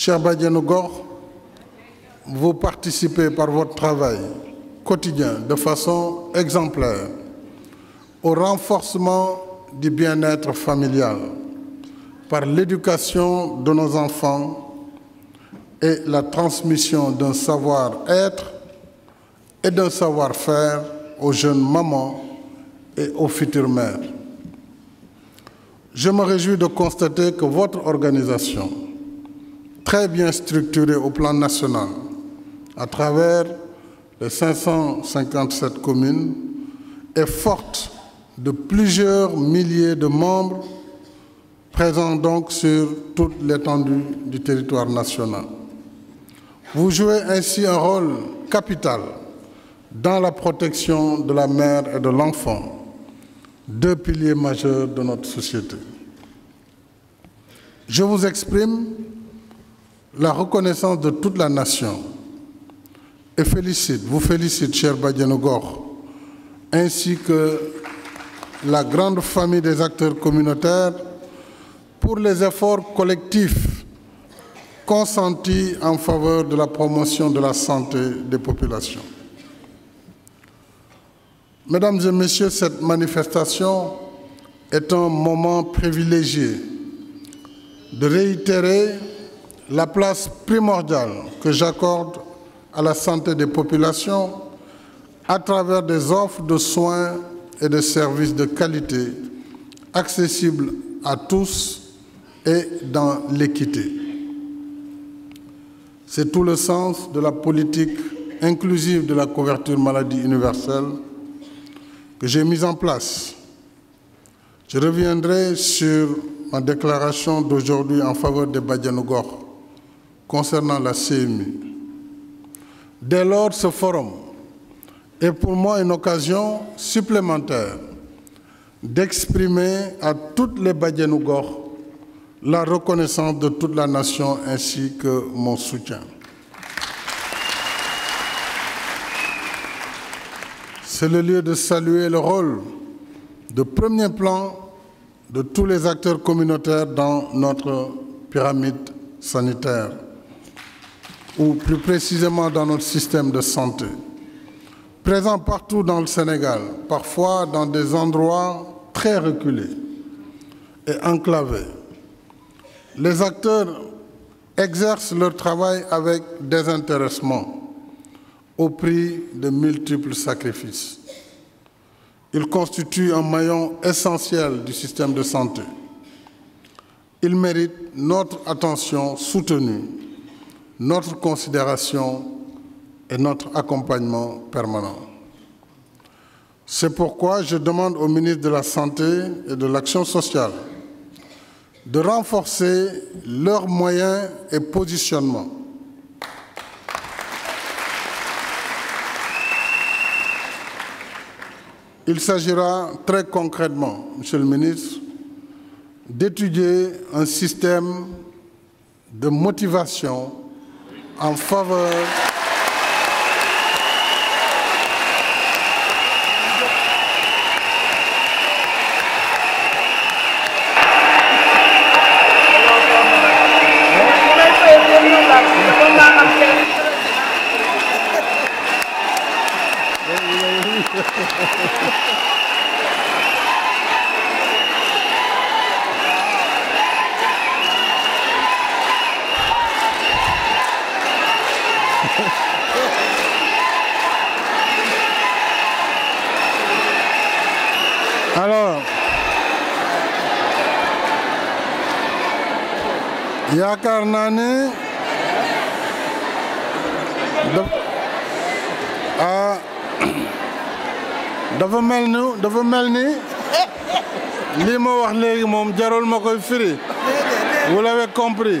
Cher Badianogor, vous participez par votre travail quotidien de façon exemplaire au renforcement du bien-être familial par l'éducation de nos enfants et la transmission d'un savoir-être et d'un savoir-faire aux jeunes mamans et aux futures mères. Je me réjouis de constater que votre organisation très bien structurée au plan national à travers les 557 communes est forte de plusieurs milliers de membres présents donc sur toute l'étendue du territoire national. Vous jouez ainsi un rôle capital dans la protection de la mère et de l'enfant, deux piliers majeurs de notre société. Je vous exprime la reconnaissance de toute la nation et félicite, vous félicite, cher Badianogor, ainsi que la grande famille des acteurs communautaires pour les efforts collectifs consentis en faveur de la promotion de la santé des populations. Mesdames et Messieurs, cette manifestation est un moment privilégié de réitérer la place primordiale que j'accorde à la santé des populations à travers des offres de soins et de services de qualité accessibles à tous et dans l'équité. C'est tout le sens de la politique inclusive de la couverture maladie universelle que j'ai mise en place. Je reviendrai sur ma déclaration d'aujourd'hui en faveur des Badianogor concernant la CMU. Dès lors, ce forum est pour moi une occasion supplémentaire d'exprimer à toutes les Badianougor la reconnaissance de toute la nation ainsi que mon soutien. C'est le lieu de saluer le rôle de premier plan de tous les acteurs communautaires dans notre pyramide sanitaire ou plus précisément dans notre système de santé. Présent partout dans le Sénégal, parfois dans des endroits très reculés et enclavés, les acteurs exercent leur travail avec désintéressement au prix de multiples sacrifices. Ils constituent un maillon essentiel du système de santé. Ils méritent notre attention soutenue notre considération et notre accompagnement permanent. C'est pourquoi je demande au ministre de la Santé et de l'Action sociale de renforcer leurs moyens et positionnements Il s'agira très concrètement, Monsieur le ministre, d'étudier un système de motivation en faveur Alors, Yakar Nani ne ah, dafa mel ni dafa mel ni vous l'avez compris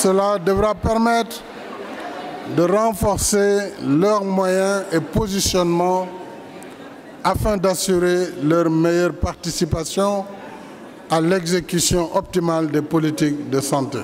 Cela devra permettre de renforcer leurs moyens et positionnements afin d'assurer leur meilleure participation à l'exécution optimale des politiques de santé.